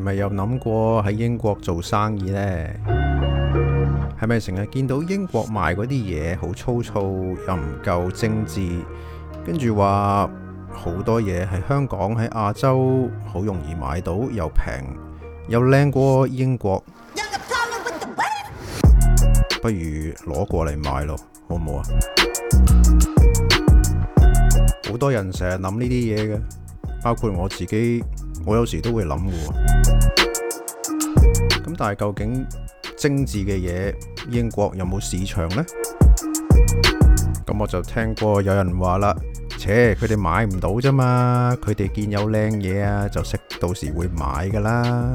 係咪有諗過喺英國做生意呢？係咪成日見到英國賣嗰啲嘢好粗糙又唔夠精緻，跟住話好多嘢喺香港喺亞洲好容易買到又平又靚過英國，不如攞過嚟買咯，好唔好啊？好 多人成日諗呢啲嘢嘅，包括我自己，我有時都會諗嘅。咁但係究竟精緻嘅嘢，英國有冇市場呢？咁我就聽過有人話啦，切佢哋買唔到啫嘛，佢哋見有靚嘢啊，就識到時會買噶啦。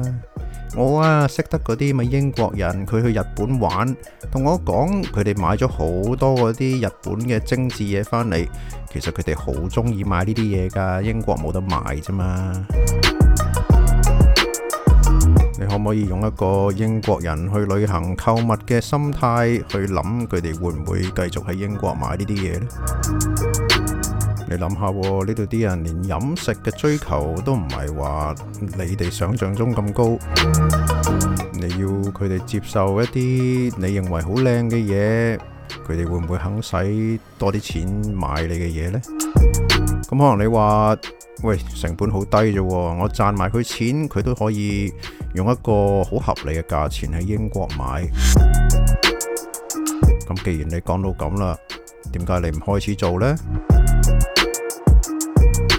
我啊識得嗰啲咪英國人，佢去日本玩，同我講佢哋買咗好多嗰啲日本嘅精緻嘢返嚟，其實佢哋好中意買呢啲嘢噶，英國冇得買啫嘛。可唔可以用一個英國人去旅行購物嘅心態去諗佢哋會唔會繼續喺英國買呢啲嘢呢？你諗下呢度啲人連飲食嘅追求都唔係話你哋想象中咁高，你要佢哋接受一啲你認為好靚嘅嘢，佢哋會唔會肯使多啲錢買你嘅嘢呢？咁可能你話喂，成本好低啫，我賺埋佢錢，佢都可以用一個好合理嘅價錢喺英國買。咁既然你講到咁啦，點解你唔開始做呢？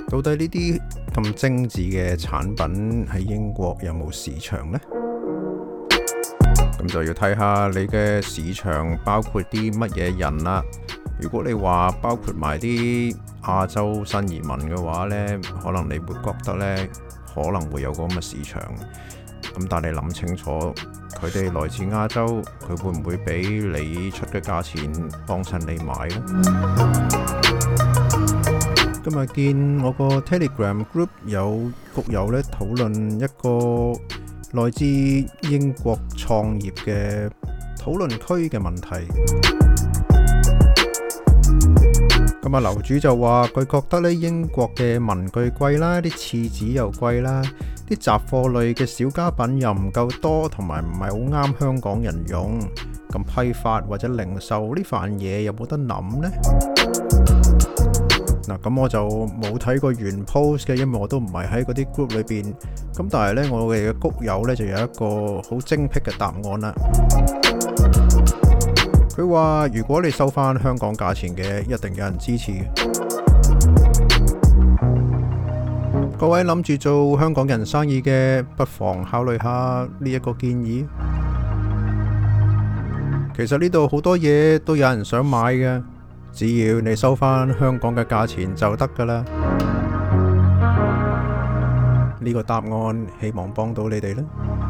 到底呢啲咁精緻嘅產品喺英國有冇市場呢？咁就要睇下你嘅市場包括啲乜嘢人啦、啊。如果你話包括埋啲亞洲新移民嘅話呢，可能你會覺得呢，可能會有個咁嘅市場。咁但係你諗清楚，佢哋來自亞洲，佢會唔會俾你出嘅價錢幫襯你買呢？今日見我個 Telegram Group 有谷友呢，討論一個來自英國創業嘅討論區嘅問題。咁啊，樓主就話佢覺得呢英國嘅文具貴啦，啲廁紙又貴啦，啲雜貨類嘅小家品又唔夠多，同埋唔係好啱香港人用。咁批發或者零售呢份嘢有冇得諗呢？嗱，咁我就冇睇過原 post 嘅，因為我都唔係喺嗰啲 group 裏邊。咁但係呢，我哋嘅谷友呢，就有一個好精闢嘅答案啦。佢話：如果你收返香港價錢嘅，一定有人支持。各位諗住做香港人生意嘅，不妨考慮下呢一個建議。其實呢度好多嘢都有人想買嘅，只要你收返香港嘅價錢就得噶啦。呢個答案希望幫到你哋啦。